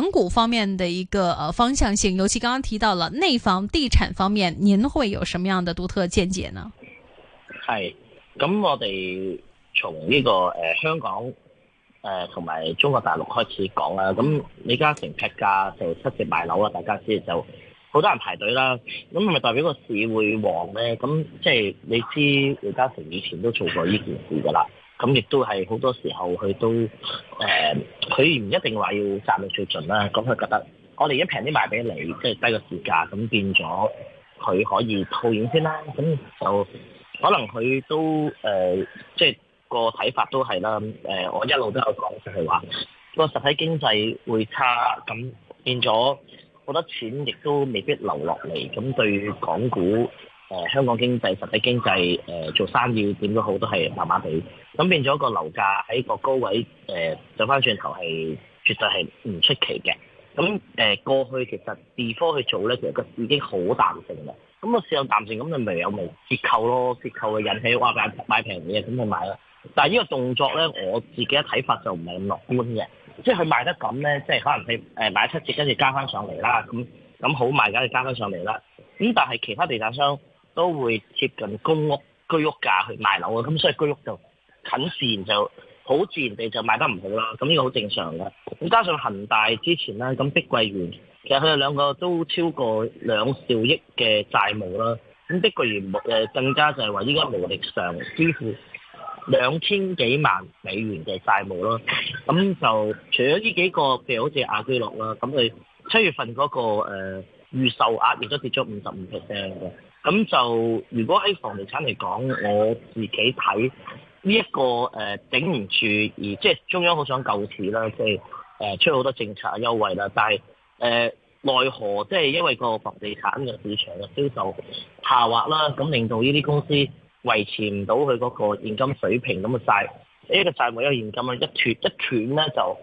港股方面的一個方向性，尤其剛剛提到了內房地產方面，您會有什麼樣的獨特見解呢？係咁，我哋從呢、這個誒、呃、香港誒同埋中國大陸開始講啦。咁李嘉誠劈價成七折賣樓啊，大家知就好多人排隊啦。咁係咪代表個市會旺咧？咁即係你知李嘉誠以前都做過呢件事噶啦。咁亦都係好多時候，佢都誒，佢唔一定話要賺到最盡啦。咁佢覺得，我哋而家平啲賣俾你，即係低個市價，咁變咗佢可以套現先啦。咁就可能佢都誒，即係個睇法都係啦。誒，我一路都有講就係話，個實體經濟會差，咁變咗好多錢亦都未必流落嚟。咁對港股。誒、呃、香港經濟實體經濟誒、呃、做生意點都好都係麻麻地。咁變咗一個樓價喺個高位誒走翻轉頭係絕對係唔出奇嘅。咁誒、呃、過去其實地科去做咧，其實個市已經好彈性嘅。咁個市有彈性，咁就咪有咪折扣咯？折扣嘅引起話買買平嘢咁去買啦。但呢依個動作咧，我自己嘅睇法就唔係咁樂觀嘅，即係佢賣得咁咧，即係可能係誒買七折跟住加翻上嚟啦。咁咁好賣，梗係加翻上嚟啦。咁但係其他地產商，都會接近公屋居屋價去賣樓啊，咁所以居屋就近自然就好自然地就賣得唔好啦。咁呢個好正常嘅。咁加上恒大之前咧，咁碧桂園其實佢哋兩個都超過兩兆億嘅債務啦。咁碧桂園冇誒更加就係話依家無力償支付兩千幾萬美元嘅債務咯。咁就除咗呢幾個，譬如好似亞居樂啦，咁佢七月份嗰個誒預售額亦都跌咗五十五 percent 嘅。咁就如果喺房地產嚟講，我自己睇呢一個誒、呃、頂唔住，而即係中央好想救市啦，即係誒、呃、出好多政策優惠啦，但係誒、呃、奈何即係因為個房地產嘅市場嘅銷售下滑啦，咁令到呢啲公司維持唔到佢嗰個現金水平咁嘅債，呢個債冇咗現金啊，一斷一斷咧就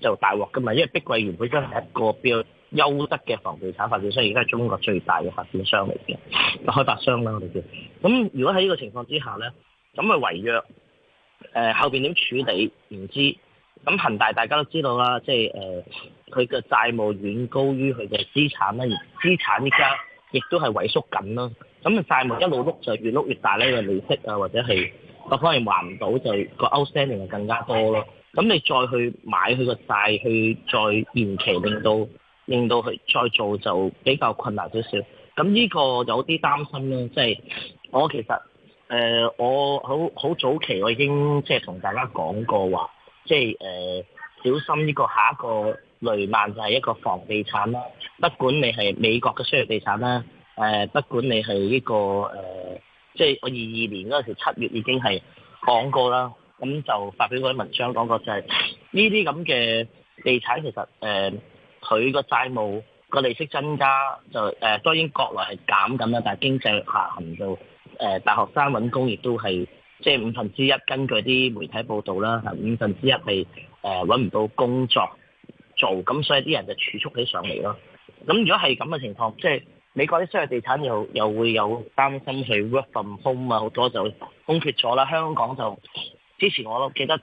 就大鑊噶嘛，因為碧桂園本身係一個標。優質嘅房地產發展商，而家係中國最大嘅發展商嚟嘅，開發商啦，我哋叫。咁如果喺呢個情況之下咧，咁咪違約，誒、呃、後邊點處理唔知。咁恒大大家都知道啦，即係誒佢嘅債務遠高於佢嘅資產啦，而資產依家亦都係萎縮緊咯。咁個債務一路碌就越碌越大咧，個利息啊或者係各方面還唔到，就個 outstanding 就更加多咯。咁你再去買佢個債去再延期，令到。令到佢再做就比較困難少少，咁呢個有啲擔心咯，即係我其實誒我好好早期我已經即係同大家講過話，即係誒小心呢個下一個雷曼就係一個房地產啦，不管你係美國嘅商業地產啦，誒不管你係呢個誒，即係我二二年嗰陣時七月已經係講過啦，咁就發表嗰啲文章講過就係呢啲咁嘅地產其實誒。呃佢個債務個利息增加就誒、呃、當然國內係減緊啦，但係經濟下行就誒、呃、大學生揾工亦都係即係五分之一，根據啲媒體報道啦，五分之一係誒揾唔到工作做，咁所以啲人就儲蓄起上嚟咯。咁如果係咁嘅情況，即係美國啲商業地產又又會有擔心去 work from home 啊，好多就空缺咗啦。香港就之前我記得。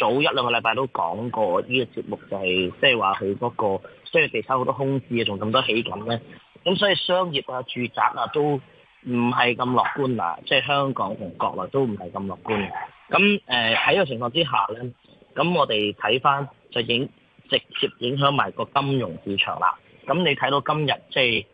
早一兩個禮拜都講過呢、這個節目、就是，就係即係話佢嗰個商業地產好多空置啊，仲咁多起緊咧，咁所以商業啊、住宅啊都唔係咁樂觀啦，即係香港同國內都唔係咁樂觀。咁誒喺個情況之下咧，咁我哋睇翻就影直接影響埋個金融市場啦。咁你睇到今日即係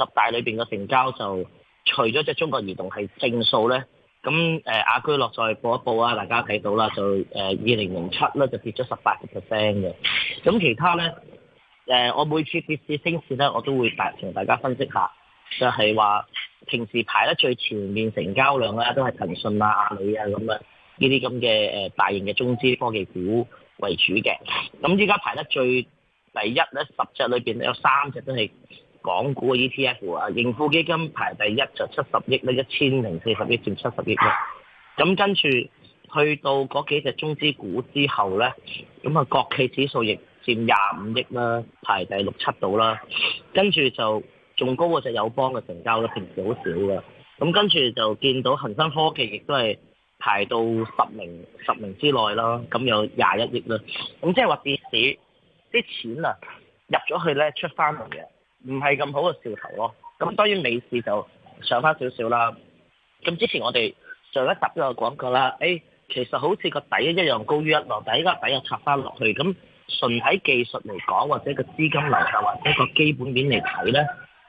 二十大裏邊嘅成交就，就除咗即係中國移動係正數咧。咁誒，亞、啊、居樂再報一報啊，大家睇到啦，就誒二零零七咧就跌咗十八個 percent 嘅。咁其他咧，誒、呃、我每次跌市升市咧，我都會同大家分析下，就係、是、話平時排得最前面成交量咧，都係騰訊啊、阿里啊咁嘅呢啲咁嘅大型嘅中資科技股為主嘅。咁依家排得最第一咧，十隻裏邊有三隻都係。港股嘅 ETF 啊，盈富基金排第一就七十億啦，一千零四十億佔七十億啦。咁跟住去到嗰幾隻中資股之後咧，咁啊國企指數亦佔廿五億啦，排第六七度啦。跟住就仲高嘅有友邦嘅成交啦，平時好少㗎。咁跟住就見到恒生科技亦都係排到十名十名之內啦，咁有廿一億啦。咁即係話跌市啲錢啊入咗去咧，出翻嚟嘅。唔係咁好嘅兆頭咯，啊，咁當然美市就上翻少少啦。咁之前我哋上一集都有講過啦，誒、哎，其實好似個底一樣高於一浪，但依家底又插翻落去，咁純睇技術嚟講，或者個資金流或者個基本面嚟睇呢，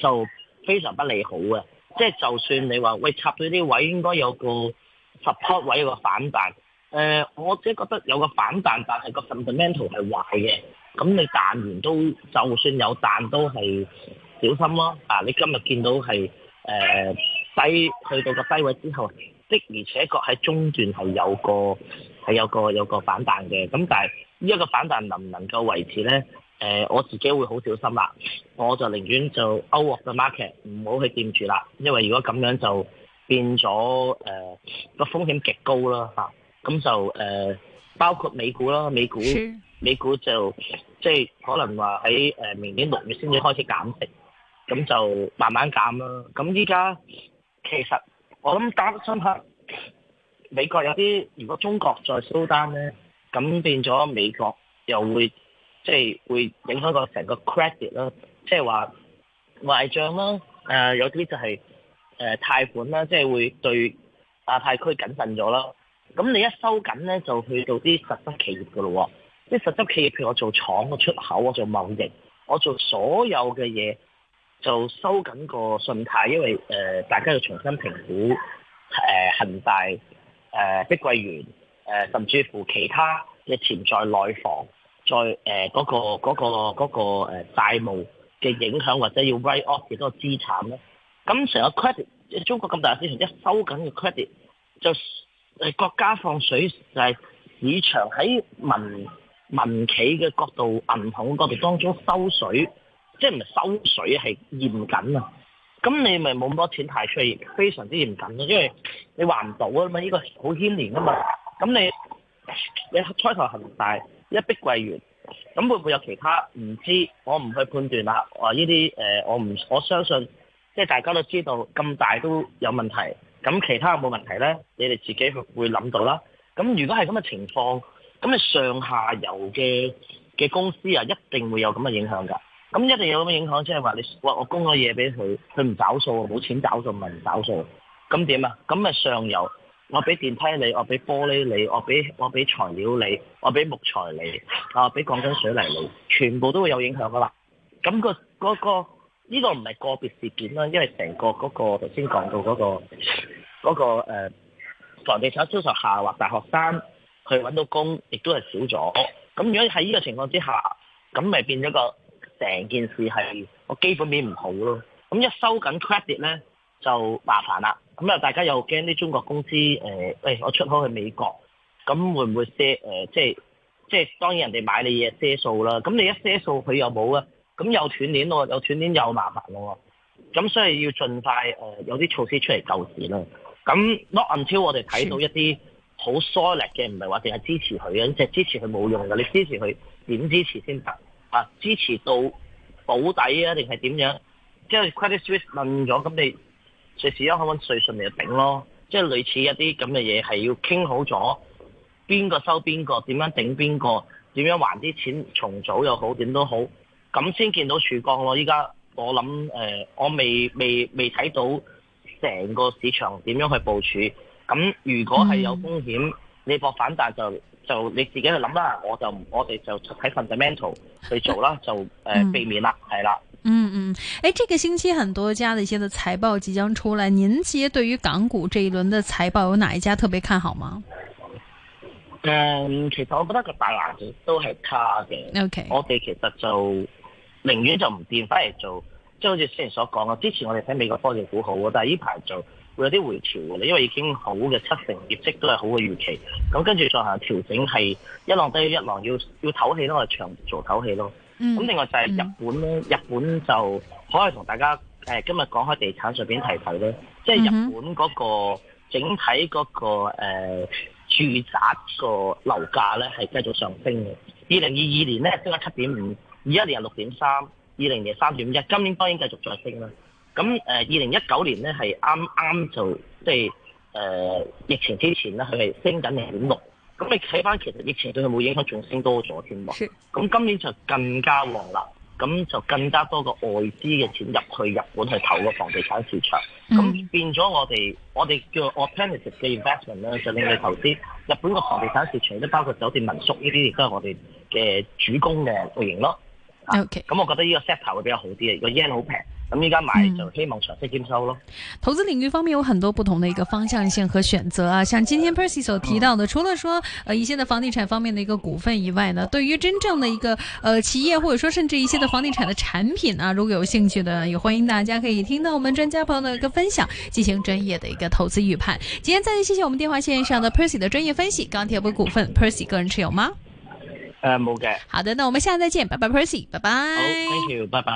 就非常不利好嘅。即係就算你話喂，插到啲位應該有個 support 位有個反彈，誒、呃，我自己覺得有個反彈，但係個 fundamental 係壞嘅。咁你彈完都，就算有彈都係小心咯。啊，你今日見到係誒、呃、低去到個低位之後，的而且確喺中段係有個係有個有個反彈嘅。咁但係呢一個反彈能唔能夠維持咧？誒、呃，我自己會好小心啦。我就寧願就 out of the market，唔好去掂住啦。因為如果咁樣就變咗誒個風險極高啦嚇。咁、啊、就誒、呃、包括美股囉，美股。美股就即係、就是、可能話喺誒明年六月先至開始減息，咁就慢慢減啦。咁依家其實我諗擔心下，美國有啲，如果中國再收單咧，咁變咗美國又會即係、就是、會影響個成個 credit 啦，即係話壞帳啦。誒有啲就係誒貸款啦，即、就、係、是、會對亞太區謹慎咗啦。咁你一收緊咧，就去到啲實質企業噶咯。即實質企業，譬如我做廠，我出口，我做貿易，我做所有嘅嘢，就收緊個信貸，因為、呃、大家要重新評估呃、恒大、呃、碧桂園、呃、甚至乎其他嘅潛在內房，再誒嗰個嗰、嗰個嗰、嗰個嗰個嗰個、債務嘅影響，或者要 write off 幾多資產咧。咁成個 credit，中國咁大市場一收緊嘅 credit，就國家放水就係市場喺民。民企嘅角度、銀行嘅角度當中收水，即係唔係收水係嚴謹啊！咁你咪冇咁多錢派出嚟，非常之嚴謹嘅，因為你還唔到啊、這個、嘛，呢個好牽連啊嘛。咁你你開頭恒大一碧桂園，咁會唔會有其他唔知道？我唔去判斷啦。啊，呢啲誒，我唔我相信，即係大家都知道咁大都有問題，咁其他有冇問題咧？你哋自己去會諗到啦。咁如果係咁嘅情況。咁啊，上下游嘅嘅公司啊，一定會有咁嘅影響㗎。咁一定有咁嘅影響，即係話你，喂，我供咗嘢俾佢，佢唔找數，冇錢找數，唔找數，咁點啊？咁啊上游，我俾電梯你，我俾玻璃你，我俾我俾材料你，我俾木材你，啊，俾鋼筋水泥你，全部都會有影響噶啦。咁個嗰個呢個唔係個別事件啦，因為成個嗰個頭先講到嗰個嗰個誒，房地產銷售下滑大學生。佢揾到工亦都係少咗，咁如果喺呢個情況之下，咁咪變咗個成件事係我基本面唔好咯。咁一收緊 credit 咧就麻煩啦。咁啊，大家又驚啲中國公司誒，喂、欸、我出口去美國，咁會唔會賒、欸、即係即係當然人哋買你嘢賒數啦。咁你一賒數佢又冇啊，咁又斷鏈喎，又斷鏈又麻煩咯。咁所以要盡快誒有啲措施出嚟救市啦。咁 not until 我哋睇到一啲。好 solid 嘅，唔係話淨係支持佢即係支持佢冇用㗎。你支持佢點支持先得啊？支持到保底啊，定係點樣？即係 Credit Suisse 問咗，咁你隨時一可以揾瑞信嚟頂咯。即係類似一啲咁嘅嘢，係要傾好咗，邊個收邊個，點樣頂邊個，點樣還啲錢，重組又好，點都好，咁先見到曙光咯。依家我諗誒、呃，我未未未睇到成個市場點樣去部署。咁如果係有風險、嗯，你博反彈就就你自己去諗啦。我就我哋就喺 fundamental 去做啦，就、呃嗯、避免啦，係啦。嗯嗯，誒，這個星期很多家的一些的財報即將出來，您自己對於港股這一輪的財報有哪一家特別看好嗎、嗯、其實我覺得個大環境都係差嘅。OK，我哋其實就寧願就唔變，反嚟做即係好似先前所講嘅，之前我哋睇美國科技股好但係呢排就。會有啲回調嘅，因為已經好嘅七成業績都係好嘅預期，咁跟住再行調整係一浪低一浪，要要唞氣囉，我就長做唞氣咯。咁、嗯、另外就係日本咧、嗯，日本就可以同大家、呃、今日講開地產上面提提咧、嗯，即係日本嗰個整體嗰、嗰個、呃、住宅個樓價咧係繼續上升嘅。二零二二年咧升咗七點五，二一年係六點三，二零年三點一，今年當然繼續再升啦。咁誒，二零一九年咧係啱啱就即係誒疫情之前咧，佢係升緊零點六。咁你睇翻其實疫情對佢冇影響，仲升多咗添喎。咁今年就更加旺啦，咁就更加多個外資嘅錢入去日本去投個房地產市場。咁變咗我哋、mm -hmm. 我哋叫做 alternative 嘅 investment 咧，就令你投資日本個房地產市場，都包括酒店民宿呢啲，亦都係我哋嘅主攻嘅類型咯。O K。咁我覺得呢個 set 頭會比較好啲嘅，這個 yen 好平。咁而家買就希望長期兼收咯。投資領域方面有很多不同的一個方向性和選擇啊，像今天 Percy 所提到的，除了說，呃，一些的房地產方面的一個股份以外呢，對於真正的一個，呃，企業或者說甚至一些的房地產的產品啊，如果有興趣的，也歡迎大家可以聽到我們專家朋友的一個分享，進行專業的一個投資預判。今天再次謝謝我們電話線上的 Percy 的專業分析，鋼鐵股股份 Percy 個人持有嗎？誒、呃，冇嘅。好的，那我們下次再見，拜拜 Percy，拜拜。好，Thank you，拜拜。